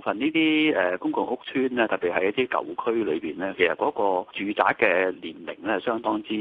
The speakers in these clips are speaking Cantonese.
部分呢啲誒公共屋邨咧，特別喺一啲舊區裏邊咧，其實嗰個住宅嘅年齡咧，相當之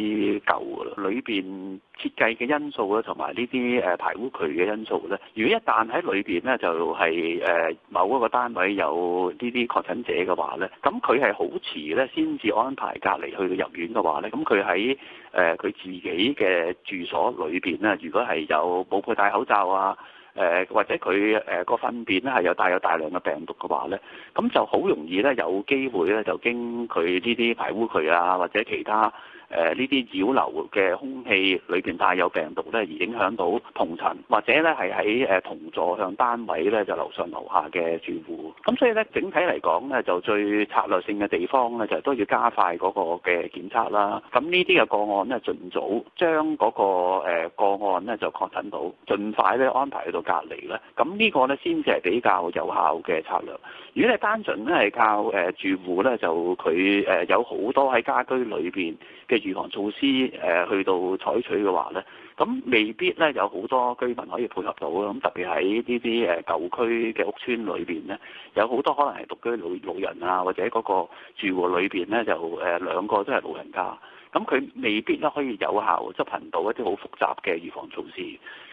舊。裏邊設計嘅因素咧，同埋呢啲誒排污渠嘅因素咧，如果一旦喺裏邊咧，就係誒某一個單位有呢啲確診者嘅話咧，咁佢係好遲咧先至安排隔離去到入院嘅話咧，咁佢喺誒佢自己嘅住所裏邊咧，如果係有冇配戴口罩啊，誒或者佢誒個糞便咧係有帶有大量嘅病毒嘅話咧，咁就好容易咧有機會咧就經佢呢啲排污渠啊或者其他。誒呢啲擾流嘅空氣裏邊帶有病毒咧，而影響到同層或者咧係喺誒同座向單位咧就樓上樓下嘅住戶。咁所以咧整體嚟講咧，就最策略性嘅地方咧，就都要加快嗰個嘅檢測啦。咁呢啲嘅個案咧，儘早將嗰個誒個案咧就確診到，儘快咧安排去到隔離咧。咁呢個咧先至係比較有效嘅策略。如果你單純咧係靠誒住戶咧就佢誒有好多喺家居裏邊嘅。預防措施誒去到採取嘅話呢，咁未必呢有好多居民可以配合到咯。咁特別喺呢啲誒舊區嘅屋村裏邊呢，有好多可能係獨居老老人啊，或者嗰個住戶裏邊呢，就誒兩個都係老人家，咁佢未必咧可以有效執行到一啲好複雜嘅預防措施，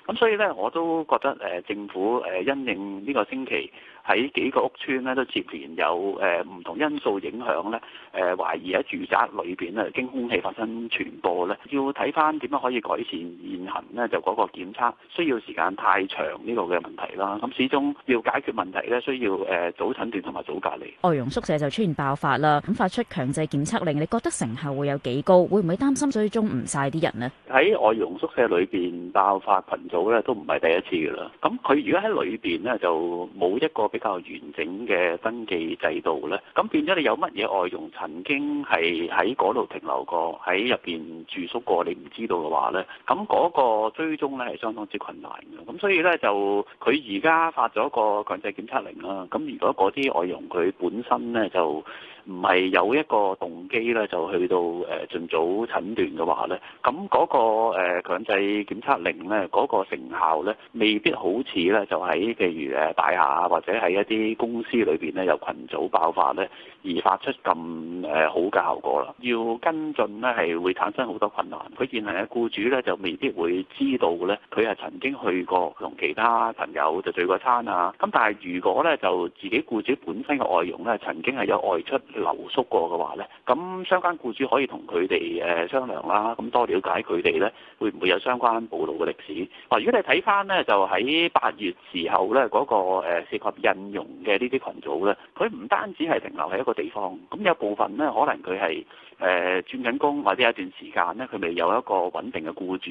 咁所以咧我都覺得誒、呃、政府誒因應呢個星期喺幾個屋邨咧都接連有誒唔、呃、同因素影響咧，誒、呃、懷疑喺住宅裏邊啊經空氣發生傳播咧，要睇翻點樣可以改善現行咧就嗰個檢測需要時間太長呢個嘅問題啦。咁始終要解決問題咧，需要誒早診斷同埋早隔離。外傭宿舍就出現爆發啦，咁發出強制檢測令，你覺得成效會有幾高？會唔會擔心追蹤唔晒啲人呢？喺外傭宿舍裏邊爆發群組咧，都唔係第一次噶啦。咁佢如果喺裏邊咧，就冇一個比較完整嘅登記制度咧。咁變咗你有乜嘢外傭曾經係喺嗰度停留過，喺入邊住宿過，你唔知道嘅話咧，咁、那、嗰個追蹤咧係相當之困難嘅。咁所以咧就，佢而家發咗個強制檢測令啦。咁如果嗰啲外傭佢本身咧就，唔係有一個動機咧，就去到誒、呃、盡早診斷嘅話咧，咁、那、嗰個誒、呃、強制檢測令咧，嗰、那個成效咧，未必好似咧就喺譬如誒大廈或者喺一啲公司裏邊咧有群組爆發咧，而發出咁誒、呃、好嘅效果啦。要跟進咧係會產生好多困難。佢現行嘅僱主咧就未必會知道咧，佢係曾經去過同其他朋友就聚過餐啊。咁但係如果咧就自己僱主本身嘅外傭咧，曾經係有外出，留宿過嘅話呢，咁相關僱主可以同佢哋誒商量啦，咁多了解佢哋呢，會唔會有相關暴露嘅歷史？話如果你睇翻呢，就喺八月時候呢嗰個涉及印傭嘅呢啲群組呢，佢唔單止係停留喺一個地方，咁有部分呢，可能佢係誒轉緊工，或者有一段時間呢，佢未有一個穩定嘅僱主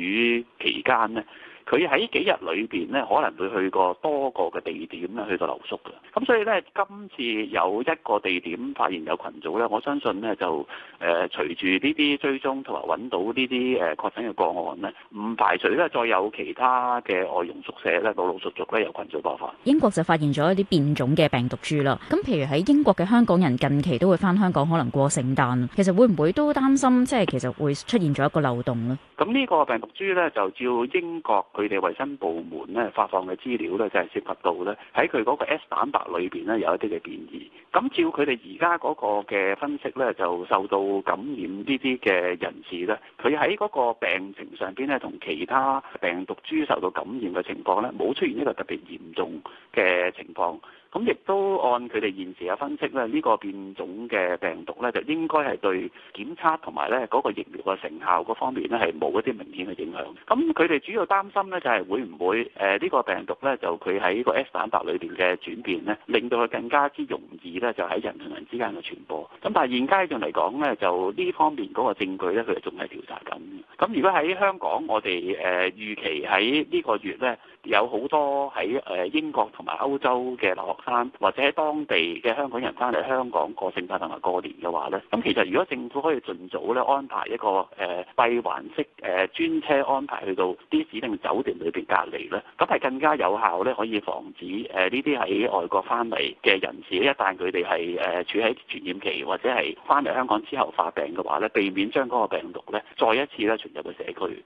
期間呢，佢喺幾日裏邊呢，可能會去過多多個嘅地點咧，去到留宿嘅。咁所以咧，今次有一個地點發現有群組咧，我相信咧，就誒隨住呢啲追蹤同埋揾到呢啲誒確診嘅個案咧，唔排除咧再有其他嘅外傭宿舍咧陸陸續續，咧有群組爆發。英國就發現咗一啲變種嘅病毒株啦，咁譬如喺英國嘅香港人近期都會返香港可能過聖誕，其實會唔會都擔心即係其實會出現咗一個漏洞呢？咁呢個，個病毒株咧就照英國佢哋衛生部門咧發放嘅資料咧就係，是。病毒咧喺佢嗰個 S 蛋白裏邊咧有一啲嘅變異，咁照佢哋而家嗰個嘅分析咧，就受到感染呢啲嘅人士咧，佢喺嗰個病情上邊咧同其他病毒株受到感染嘅情況咧，冇出現一個特別嚴重嘅情況。咁亦都按佢哋現時嘅分析咧，呢個變種嘅病毒咧，就應該係對檢測同埋咧嗰個疫苗嘅成效嗰方面咧，係冇一啲明顯嘅影響。咁佢哋主要擔心咧，就係會唔會誒呢個病毒咧，就佢喺個 S 蛋白裏邊嘅轉變咧，令到佢更加之容易咧，就喺人同人之間嘅傳播。咁但係現階段嚟講咧，就呢方面嗰個證據咧，佢哋仲係調查緊。咁如果喺香港，我哋誒預期喺呢個月咧，有好多喺誒英國同埋歐洲嘅留學生，或者當地嘅香港人翻嚟香港過聖誕同埋過年嘅話咧，咁其實如果政府可以盡早咧安排一個誒閉、呃、環式誒、呃、專車安排去到啲指定酒店裏邊隔離咧，咁係更加有效咧可以防止誒呢啲喺外國翻嚟嘅人士，一旦佢哋係誒處喺傳染期或者係翻嚟香港之後發病嘅話咧，避免將嗰個病毒咧再一次咧傳入個社區。